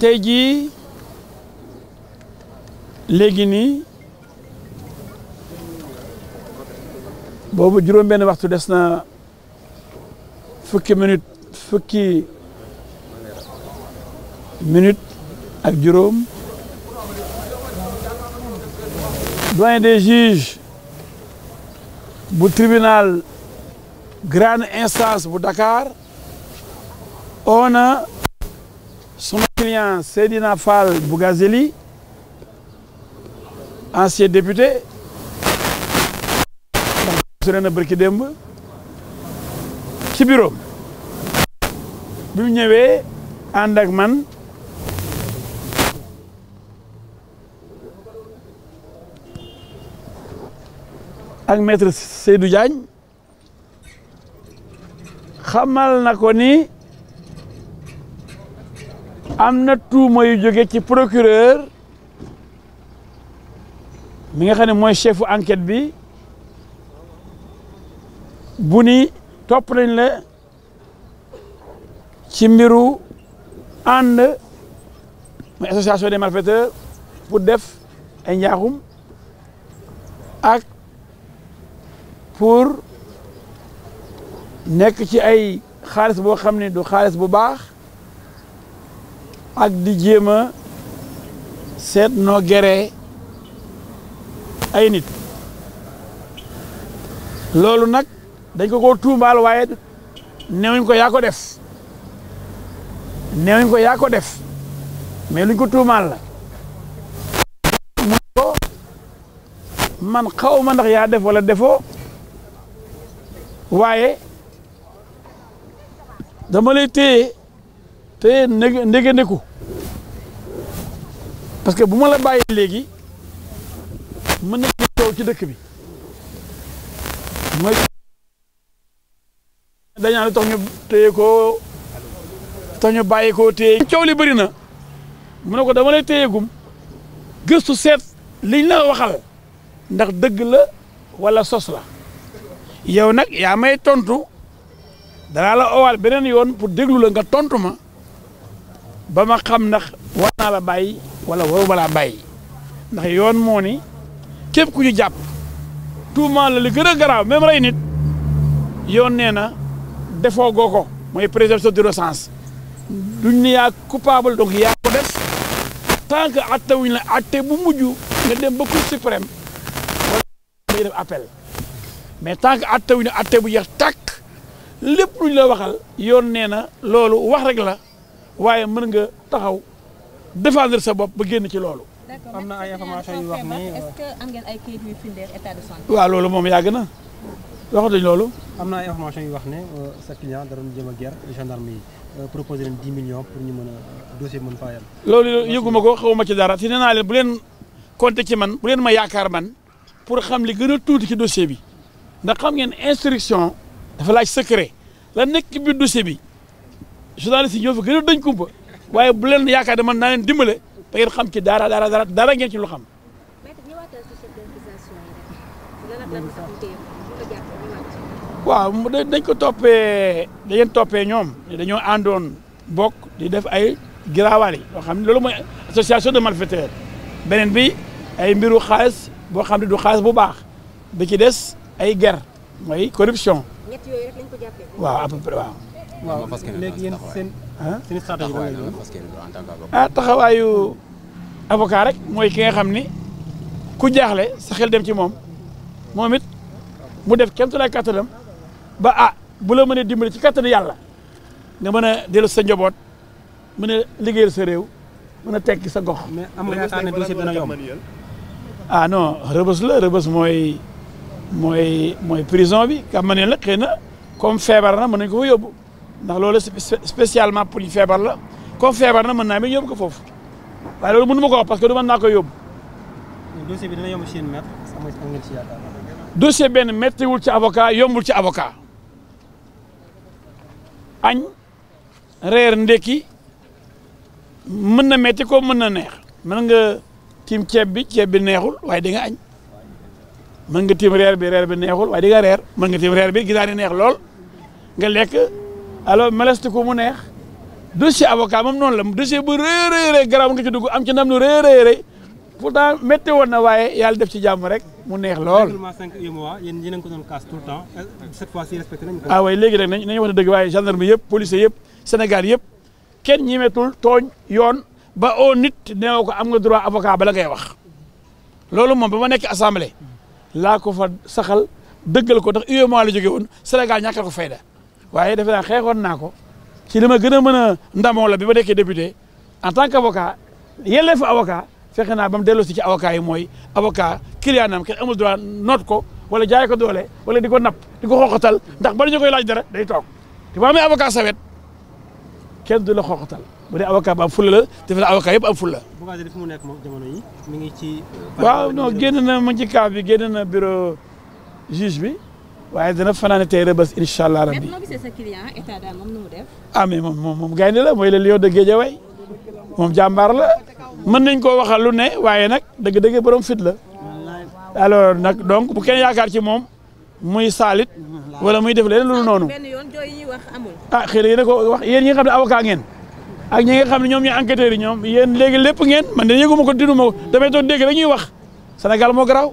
te jii léegi nii boobu juróom-benn waxtu des na fukki minute fukki minute ak juróom doyen de juges bu tribunal grande instance bu dakaar on suma client Seydina Fall Bougazeli ancien député sore na bërki démb ci bureau bi mu ñëwee ànd ak man ak maître Seydou Diagne xamal na ko ni am na tuuma yu jóge ci procureur mi nga xam ne mooy chefu enquête bi bu ni topp nañ la ci mbiru ànd mooy association des malfaiteurs pour def ay njaaxum ak pour nekk ci ay xaalis boo xam ne du xaalis bu baax ak di jéem a seet noo gere ay nit loolu nag dañ ko ko tuumaal waaye neewuñ ko yaa ko def neewuñ ko yaa ko def mais luñ ko tuumaal la mu ko man xaw ma ndax yaa def wala defoo waaye dama lay téye te ndege ndeku parce que bu ma la bàyyi léegi mën na coow ci dëkk bi mooy dañaa lu tax ñu téye ko tax ñu bàyyi koo téye coow li bëri na mu ne ko dama lay téyegum gëstu seet liñ la waxal ndax dëgg la walla sos la yow nag yaa may tontu danaa la owaal beneen yoon pour déglu la nga tontu ma ba ma xam ndax war naa la bàyyi wala waru balaa bàyyi ndax yoon moo ni képp ku ñu jàpp tout tuumaal la li gën a garaaw même rey nit yoon nee na defoo goo ko mooy présomption d'innocence duñ ne yaa coupable donc yaa ko def tant que wuñ la atte bu mujj nga dem ba cour suprême wala ngay def appel mais tant que atte wuñ la atte bu jeex takk lépp luñ la waxal yoon nee na loolu wax rek la waaye mën nga taxaw défendre sa bopp ba génn ci loolu. am na ay information yu wax ni est-ce que loolu moom yàgg na waxatuñ loolu. am na ay information yu wax ne euh, sa client da doon jëm a guerre gendarme yi euh, proposé leen 10 millions pour ñu mën a euh, dossier mën faa yem. loolu yëguma ko xawma ci dara si nee naa leen bu leen compté ci man bu leen ma yaakaar man pour xam li gën a tuuti ci dossier bi ndax xam ngeen instruction dafa laaj secret la nekk ci biir dossier bi. journaliste yi gën a dañ kumpa waaye bu leen yaakaar ne man naa leen dimbale da ngeen xam ci dara dara dara dara ngeen ci lu xam. waaw dañ ko toppee da ngeen toppee ñoom dañoo àndoon bok di def ay giraawaal yi xam ne loolu mooy association de malfaiteurs beneen bi ay mbiru xaalis boo xam ne du xaalis bu baax bi ci des ay ger mooy corruption. waaw. waaw léegi yéen seen seen stratégie la ngeen ah taxawaayu avocat rek mooy ki xam ni ku jaaxle sa xel dem ci moom moom it mu def kenn tolluwaay kattanam ba ah bu la mënee dimbali ci kattanu yàlla nga mën a dellu sa njaboot mën a liggéeyal sa réew mën a tekki sa gox. mais am nga yaakaar ne dossier dina yomb ah non rëbës la rëbës mooy mooy mooy prison bi. xam nga ne na xëy na comme feebar na mën nañu ko yóbbu. ndax loolu spécialement pour feebar la comme feebar na mën naa mel yóbbu ko foofu waaye loolu mënu ma ko parce que du mën naa ko yóbbu. dossier bi dina yomb benn méttiwul ci avocat yombul ci avocat. añ reer ndekki mën na metti ko mën na neex mën nga tiim ceeb bi ceeb bi neexul waaye di nga añ mën nga tiim reer bi reer bi neexul waaye di nga reer mën nga tiim reer bi gisaani neex lool nga lekk. alors meleste ko mu neex dossier avocat moom noonu la dossier bu rëy rëy garaaw nga ci dugg am ci ndam lu rëy rëy pourtant métti woon na waaye yàlla def ci jàmm rek mu neex lool. règlement 5 UEMOA yéen yéen a ngi ko doon kaas tout le temps cette fois ci respecté nañu ko. ah oui léegi nag nañu nañu dëgg waaye gendarme yëpp policier yëpp Sénégal yëpp kenn ñimetul tooñ yoon ba oo nit nee ko am nga droit avocat bala ngay wax loolu moom ba ma nekk assemblée laa ko fa saxal dëggal ko ndax UEMOA la jógee woon Sénégal ñàkkal ko fayda waaye defe naa xeexoon naa ko ci li ma gën a mën a ndamoo la bi ma nekkee député en tant que avocat yelleefu avocat fexe naa ba mu delloosi ci awoka yi mooy awoka client am kenn amul droit noot ko wala jaay ko doole wala di ko napp di ko xooxatal ndax bala ñu koy laaj dara day toog te boo amee avocat sawet kenn du la xooxatal bu dee avocat ba am fulla la defe naa avocat yëpp am fulla mu nekk moom jamono yi mi ngi ci. waaw non génn na ma ci kaaf bi génn na bureau juge bi. waaye dana fanaane tey rëbës incha allah rabbi. ah mais moom moom moom gaynde la mooy le lion de Guédiawaye moom jàmbaar la mën nañ koo waxal ne waaye nag dëgg-dëgg borom fit la alors nag donc bu kenn yaakaar ci moom muy saalit wala muy def leneen lu noonu ah xëy na ko wax yéen ñi xam ne avocat ngeen ak ñi nga xam ne ñoom ñooy enquêteurs yi ñoom yéen léegi lépp ngeen man de yëguma ko dinuma ko damay toog dégg rek ñuy wax Sénégal moo garaaw